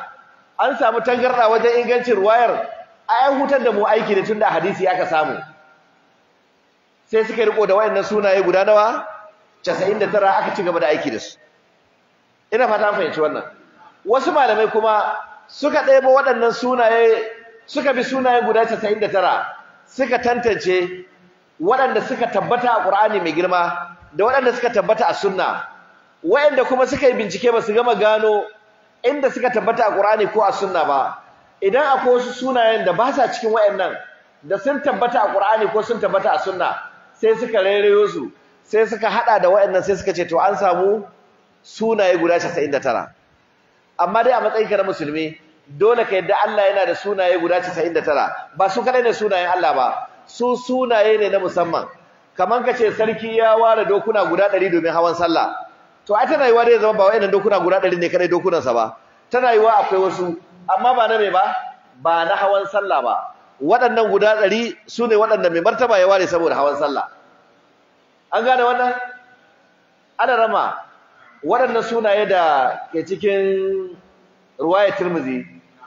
B: an samu tangarda wajen ingancin ruwayar yan hutar da mu aiki da tunda hadisi aka samu sai suka riko da wayannan sunaye guda nawa 99 aka ci gaba da aiki da su ina fata an fahimci wannan wasu malamai kuma suka ɗebo waɗannan sunaye suka bi sunaye guda 99 suka tantance waɗanda suka tabbata a Qur'ani mai girma da waɗanda suka tabbata a sunna waɗanda kuma suka yi bincike ba su gama gano inda suka tabbata a Qur'ani ko a sunna ba idan akwai wasu sunayen da ba sa cikin waɗannan da sun tabbata a Qur'ani ko sun tabbata a sunna sai suka rairayo su sai suka hada da waɗannan sai suka ce to an samu sunaye guda tara amma dai a matsayin ka na musulmi dole ka yadda Allah yana da sunaye guda 99 ba su kada ne sunayen Allah ba su sunaye ne na musamman kaman kace sarki ya ware dokuna guda 100 domin hawan sallah to ai tana yiwa dai zama ba wayannan dokuna guda 100 ne kadai dokunan sa ba tana yiwa akwai wasu amma ba na me ba ba na hawan sallah ba waɗannan guda 100 sune waɗanda mai martaba ya ware saboda hawan sallah an gane wannan ana rama waɗannan sunaye da ke cikin ruwayar Tirmidhi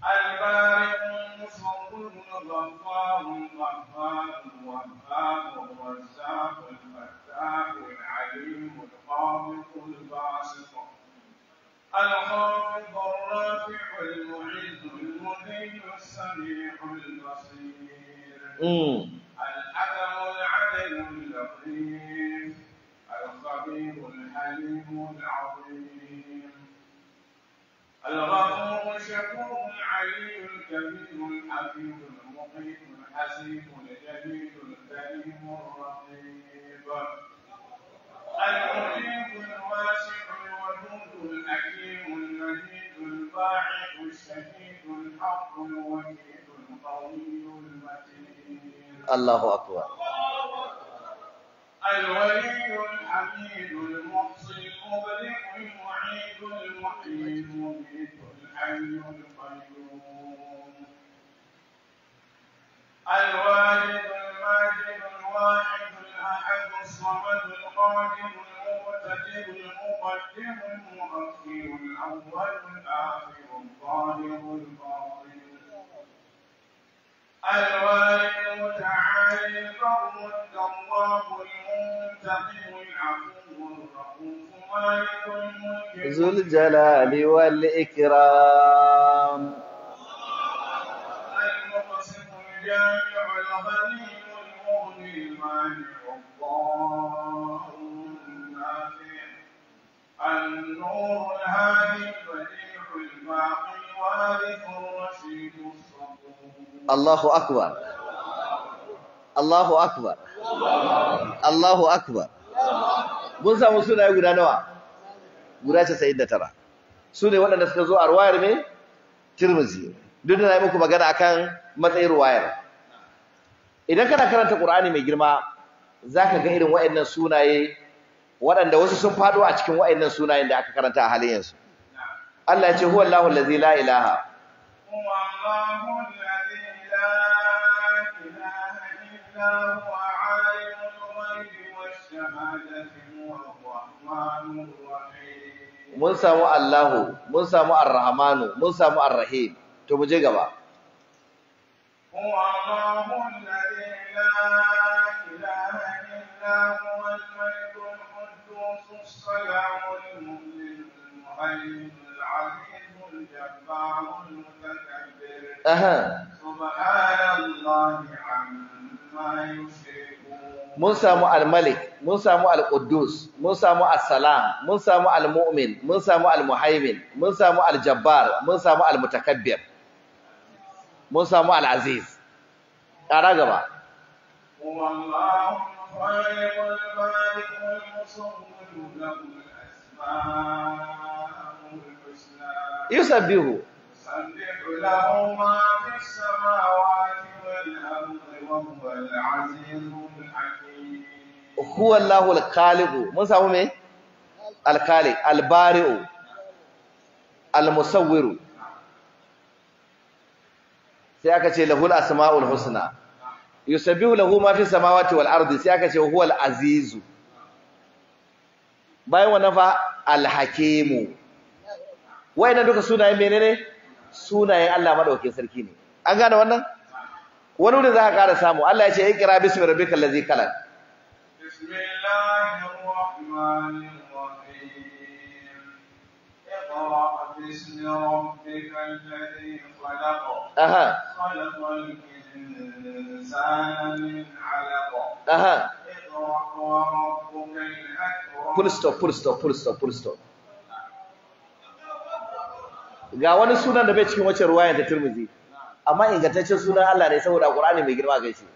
A: البارئ المصور الغفار القهار الوهاب الرزاق الفتاح العليم الخالق الباسط الخافض الرافع المعز المحيي السميع البصير الحكم العدل اللطيف الخبير الحليم العظيم الغفور الشكور العلي الكبير الحفيظ المقيت الحسيب الجليل الكريم الرقيب المحيط الواسع الودود الحكيم المجيد الباعث الشهيد الحق الوكيل القوي المتين الله اكبر الولي الحميد المحصي المبدئ المعيد المحيي المميت الحي القيوم الوالد الماجد الواحد الاحد الصمد القادم المبتدئ المقدم المؤخر الاول الاخر الظاهر الباطن ذو
B: الجلال والإكرام
A: النور الهادي البديع الباقي وارث الرشيد الصبور
B: الله أكبر الله أكبر الله أكبر mun samu sunaye guda nawa guda tara. su ne waɗanda suka zo a ruwayar mai tirmizi duk da na yi muku magana a kan matsayin ruwayar idan kana karanta ƙur'ani mai girma za ka ga irin waɗannan sunaye waɗanda wasu sun faɗo a cikin waɗannan sunayen da aka karanta a halin yanzu Allah ya ce huwa Allahu lazi la ilaha mun samu Allahu mun samu Ar-Rahmanu mun samu Ar-Rahim to mu je gaba
A: huwa aha amma yushrikun
B: mun samu al-malik mun samu al-quddus mun samu as-salam mun samu al-mu'min mun samu al-muhaimin mun samu al-jabbar mun samu al-mutakabbir mun samu al-aziz ƙara gaba yusabbihu yusabbihu lahu ma
A: fis samawati wal ardi wa huwa al-azizul
B: huwa Allahul khaliqu mun samu me al-khaliq al-bari'u al-musawwiru sai aka ce lahul asma'ul husna yusabbihu lahu ma fi samawati wal ardi sai aka ce huwal azizu bayan wannan fa al-hakimu wayannan duka sunaye menene Sunaye Allah madaukakin sarki ne an gane wannan wani wurin za ka kara samu Allah ya ce ikra bismi rabbikal ladzi khalaq
A: بسم الله الرحمن الرحيم اقرأ باسم ربك الذي
B: ga wani sunan da bai cikin wacce ruwaya ta Tirmidhi amma ingantaccen sunan Allah ne saboda ƙur'ani mai girma gaishe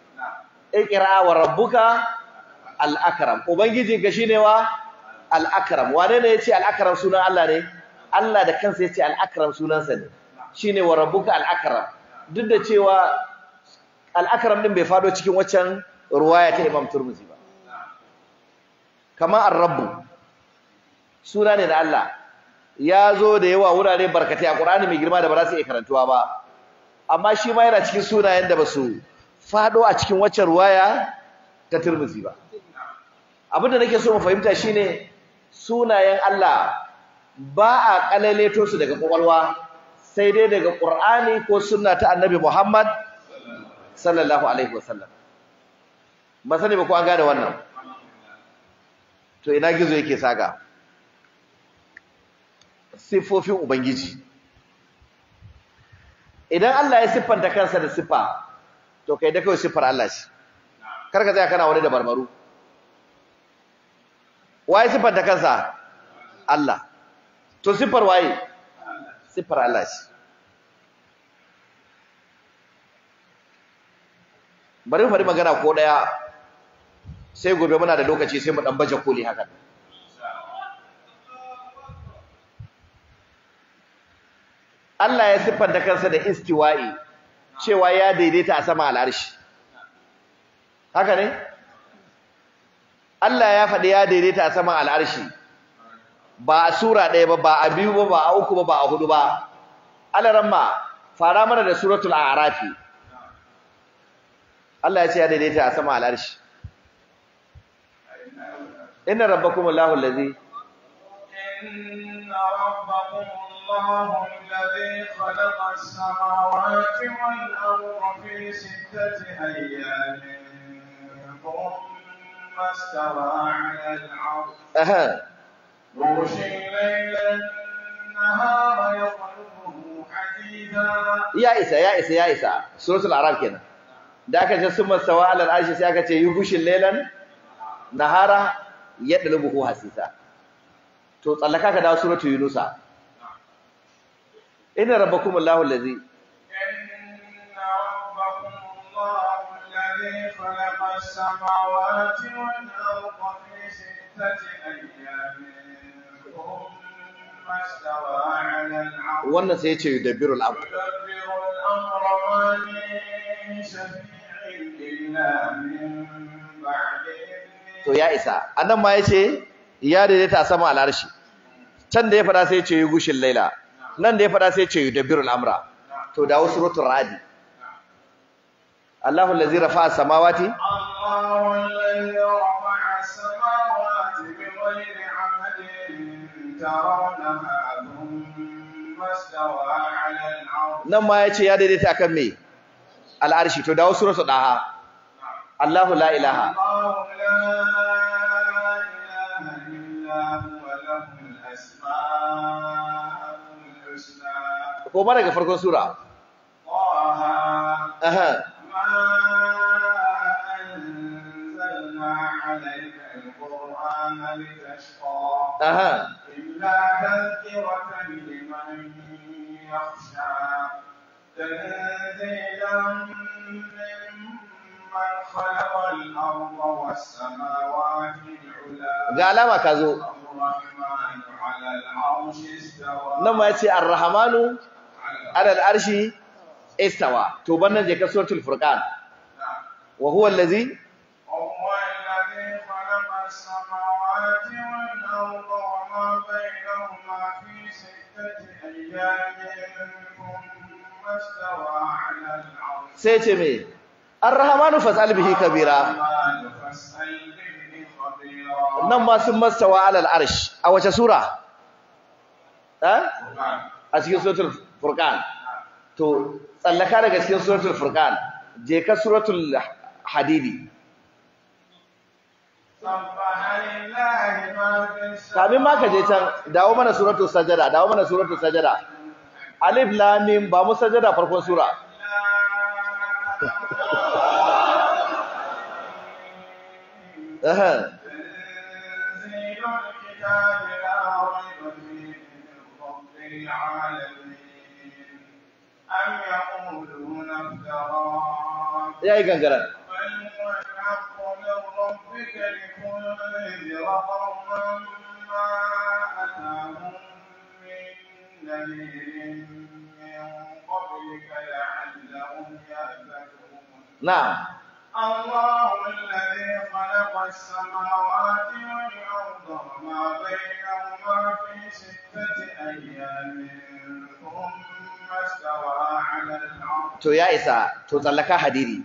B: iqra wa rabbuka Al'akaram, akram ubangijin ka ne wa Al'akaram. wane ne ya ce al'akaram sunan Allah ne Allah da kansa ya ce al'akaram sunansa ne Shi ne wa rabuka al’akaram duk da cewa al'akaram ɗin bai fado cikin waccan ruwaya ta Imam Turmuzi ba kama an rabu. suna ne da Allah ya zo da yawa wurare barkatai a ƙurani mai girma da ba za su iya karantuwa ba amma shi ma yana cikin sunayen da ba su fado a cikin waccan ruwaya ta Turmuzi ba abin da nake so mu fahimta shine sunayen Allah ba a to su daga kwakwalwa sai dai daga Qur'ani ko sunna ta Annabi Muhammad sallallahu alaihi wasallam ba sani ba ko an gane wannan to ina gizo yake saka Sifofin ubangiji idan Allah ya siffanta kansa da siffa to kai da kai siffar Allah shi karka tsaya kana wani da barbaru waye sifar ta kansa Allah to sifar waye sifar Allah shi bari fari magana ko daya sai gobe muna da lokaci sai mu dan baje koli haka Allah ya siffanta kansa da istiwa'i cewa ya daidaita a sama al'arshi haka ne Allah ya faɗi ya daidaita a saman al'arshi ba a sura ɗaya ba ba a biyu ba ba a uku ba ba a hudu ba alaramma fara mana da suratul a'rafi Allah ya ce ya daidaita a saman al'arshi inna rabbakum Allahu allazi inna
A: rabbakum Allahu الذي خلق السماوات والأرض في ستة أيام ثم واستوى على العرش
B: أها يغشي الليل
A: النهار يطلبه
B: حديثا يا إسا سورة الأعراف كده da aka ce sun masawa alal sai aka ce yugushin lelan nahara ya dalbuhu hasisa to tsallaka ka dawo suratu yunusa inna rabbakumullahu السماوات والأرض في ستة أيام ثم استوى على العرش وأن sai يدبر yudabbiru يدبر الأمر yudabbiru al-amra wa
A: min shafi'in
B: to ya isa annan ma yace ya daidaita a sama al’arshi, can da ya fada sai yace yugushin laila nan da ya fada sai ce yudabbiru al-amra to da wasu rutul radi Allahu allazi rafa'a samawati Allahu allazi
A: 'ala
B: nan ma yace ya daidaita akan me al-arshi to dawo suratu daha Allahu ko mara ga farkon sura Aha ga alama ka zo nan ma ya ce arrahamanu alal arshi istawa to ban nan je ka suratul furqan wa huwa allazi allazi khalaqa as-samawati Sai ce قرنا
A: an في ستة أيام ثم nan ma
B: sun mastawa alal arsh a wace sura a cikin suratul furqan to tsallaka daga cikin suratul furqan je ka suratul hadidi
A: kamin ma ka je can
B: dawo mana suratul sajada dawo mana suratul sajada alif lam mim ba mu sajada farkon sura
A: [laughs] eh ya yi gangaren الحق من ربك لتنذر قوما ما أتاهم من نذير من قبلك لعلهم يهتدون نعم الله الذي خلق السماوات والأرض وما بينهما في ستة أيام ثم استوى
B: على العرش. تو يا إسا تو تلقى حديري.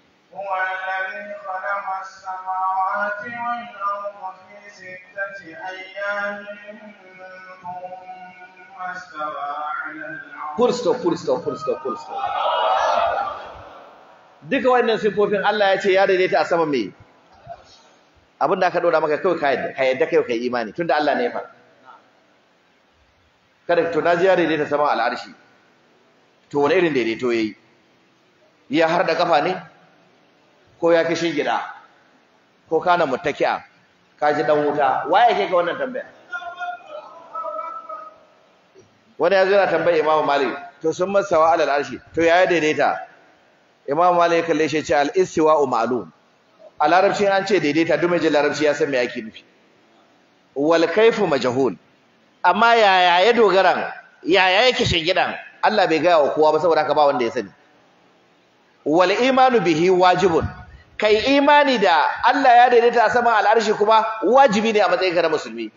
A: هو الذي خلق السماوات والأرض في ستة أيام ثم
B: استوى على العرش فول ستوب duka wannan sifofin Allah ya ce ya daidaita a saman mai abin da aka dora maka kawai ka yadda kai kai imani tunda Allah ne ya faɗa kada to na ji ya daidaita saman al'arshi to wani irin daidaito yayi ya har da kafa ne ko ya kishin gida ko kana muttaki'a ka ji dan wuta waye yake ga wannan tambaya wani ya zira tambaya Imam Malik to sun masawa alal arshi to yaya daidaita Imam Malik kalle shi ce al istiwa'u ma'lum a larabci an ce daidaita duk mai jin larabci ya san me yake nufi wal kaifu majhul amma yaya ya dogaran yaya yake gidan? Allah bai gaya wa kowa ba saboda haka ba wanda ya sani wal imanu bihi wajibun kai imani da Allah ya daidaita saman al'arshi kuma wajibi ne a matsayin ka na musulmi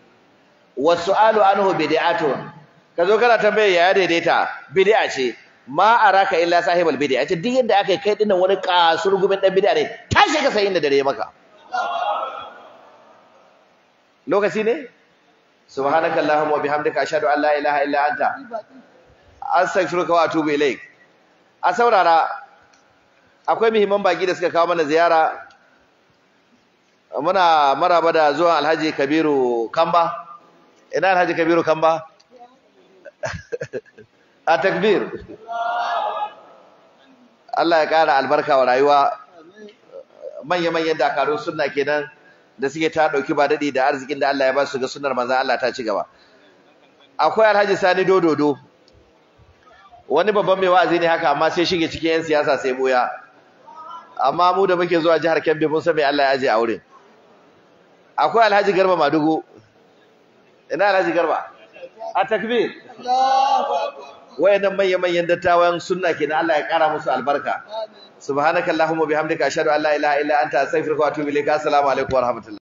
B: Wasu wasu'alu anhu ka zo kana tambaye ya daidaita bid'a ce ma araka illa sahibal bid'a ce duk yadda aka kai dinnan wani kasur gumin dan bid'a ne tashi ka sai inda dare maka lokaci ne subhanaka allahumma wa bihamdika ashhadu an la ilaha illa anta astaghfiruka wa atubu ilaik a saurara akwai muhimman baki da suka kawo mana ziyara muna maraba da zuwa Alhaji Kabiru Kamba ina Alhaji Kabiru Kamba [laughs] a takbir Allah ya kara albarka wa rayuwa manya manyan dakarun sunna kenan da suke ta dauki ba dadi da arzikin da Allah ya ba su ga sunnar manzon Allah ta ci gaba akwai Alhaji Sani Dododo wani babban mai wa'azi ne haka amma sai shige cikin yan siyasa sai boya amma mu da muke zuwa jihar Kebbi mun san me Allah ya aje a wurin akwai Alhaji Garba Madugo ina Alhaji Garba a takbir wayannan manyan manyan dattawan sunna kenan Allah ya kara musu albarka subhanakallahumma bihamdika ashhadu an la ilaha illa anta astaghfiruka wa atubu ilaik assalamu alaikum wa rahmatullahi